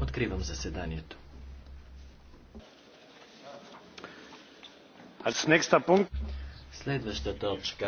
Откривам заседанието. Следваща точка